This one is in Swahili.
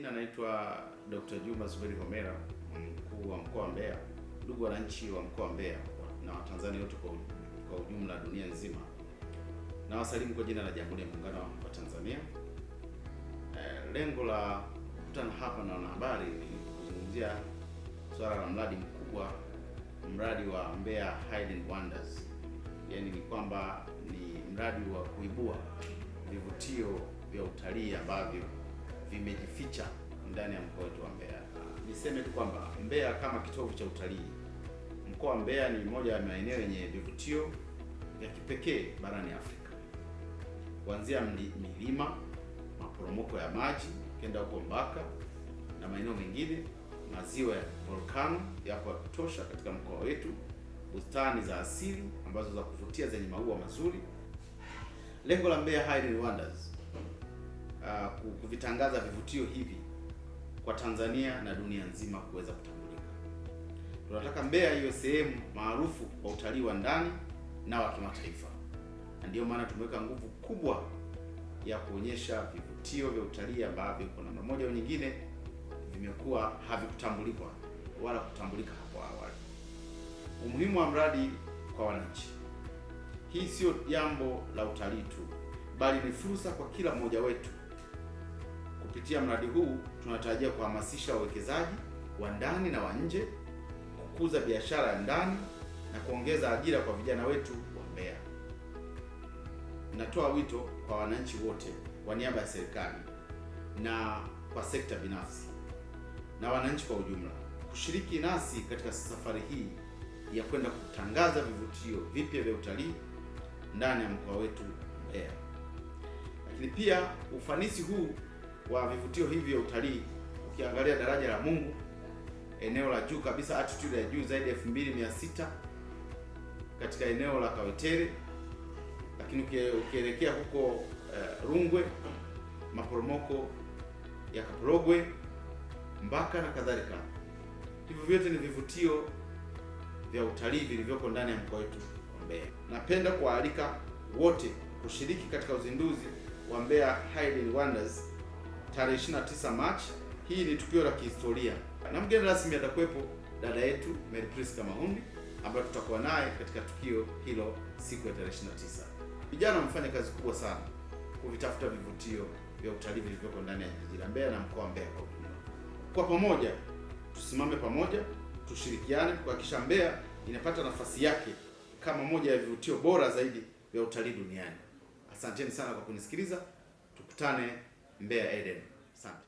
majina anaitwa Dr. Juma Zuberi Homera, mkuu wa mkoa wa Mbeya. Ndugu wananchi wa mkoa wa Mbeya na Watanzania wote kwa ujumla dunia nzima, na wasalimu kwa jina la Jamhuri ya Muungano wa Tanzania. E, lengo la kukutana hapa na wanahabari ni kuzungumzia swala la mradi mkubwa, mradi wa Mbeya Hidden Wonders, yaani ni kwamba ni mradi wa kuibua vivutio vya utalii ambavyo vimejificha ndani ya mkoa wetu wa Mbeya. Niseme tu kwamba Mbeya kama kitovu cha utalii, mkoa wa Mbeya ni moja ya maeneo yenye vivutio vya kipekee barani Afrika, kuanzia milima, maporomoko ya maji kenda huko Mbaka na maeneo mengine. Maziwa ya volkano yapo ya kutosha katika mkoa wetu, bustani za asili ambazo za kuvutia zenye maua mazuri. Lengo la Mbeya Hidden Wonders uh, kuvitangaza vivutio hivi kwa Tanzania na dunia nzima kuweza kutambulika. Tunataka Mbeya iwe sehemu maarufu kwa utalii wa ndani na wa kimataifa, na ndiyo maana tumeweka nguvu kubwa ya kuonyesha vivutio vya utalii ambavyo kwa namna moja au nyingine vimekuwa havikutambulikwa wala kutambulika hapo awali. Umuhimu wa mradi kwa wananchi, hii sio jambo la utalii tu, bali ni fursa kwa kila mmoja wetu Kupitia mradi huu tunatarajia kuhamasisha wawekezaji wa ndani na wa nje, kukuza biashara ya ndani na kuongeza ajira kwa vijana wetu wa Mbeya. Natoa wito kwa wananchi wote kwa niaba ya serikali na kwa sekta binafsi na wananchi kwa ujumla kushiriki nasi katika safari hii ya kwenda kutangaza vivutio vipya vya utalii ndani ya mkoa wetu Mbeya. Lakini pia ufanisi huu wa vivutio hivi vya utalii, ukiangalia daraja la Mungu, eneo la juu kabisa, altitude ya juu zaidi ya 2600 katika eneo la Kawetere, lakini ukielekea huko uh, Rungwe, maporomoko ya Kaporogwe, Mbaka na kadhalika. Hivyo vyote ni vivutio vya utalii vilivyoko ndani ya mkoa wetu wa Mbeya. Napenda kuwaalika wote kushiriki katika uzinduzi wa Mbeya Hidden Wonders tarehe 29 Machi. Hii ni tukio la kihistoria na mgeni rasmi atakuwepo dada yetu Mary Priska Mahundi ambayo tutakuwa naye katika tukio hilo siku ya tarehe 29. Vijana wamefanya kazi kubwa sana kuvitafuta vivutio vya utalii vilivyoko ndani ya jiji la Mbeya na mkoa wa Mbeya kwa ujumla. Kwa pamoja tusimame pamoja, tushirikiane kuhakikisha Mbeya inapata nafasi yake kama moja ya vivutio bora zaidi vya utalii duniani. Asanteni sana kwa kunisikiliza, tukutane 咩？哎，对，三。